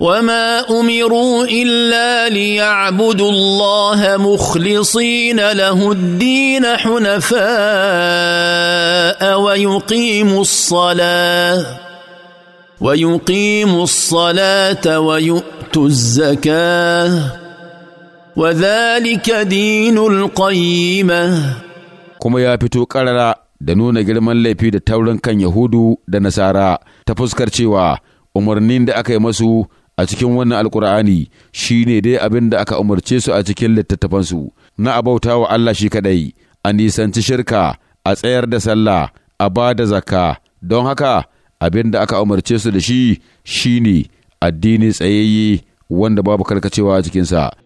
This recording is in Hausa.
وما امروا الا ليعبدوا الله مخلصين له الدين حنفاء ويقيموا الصلاه ويقيموا الصلاه ويؤتوا الزكاه وذلك دين القيمه كما يابتو قرر karara da nuna girman laifi da taurin kan Yahudu da Nasara ta fuskar cewa umarnin da aka yi masu a cikin wannan alkur'ani shi ne dai abin da aka umarce su a cikin littattafansu na abauta wa Allah shi kaɗai a nisanci shirka a tsayar da sallah a ba da zakka don haka abin da aka umarce su da shi shi ne addini tsayayye wanda babu karkacewa a cikinsa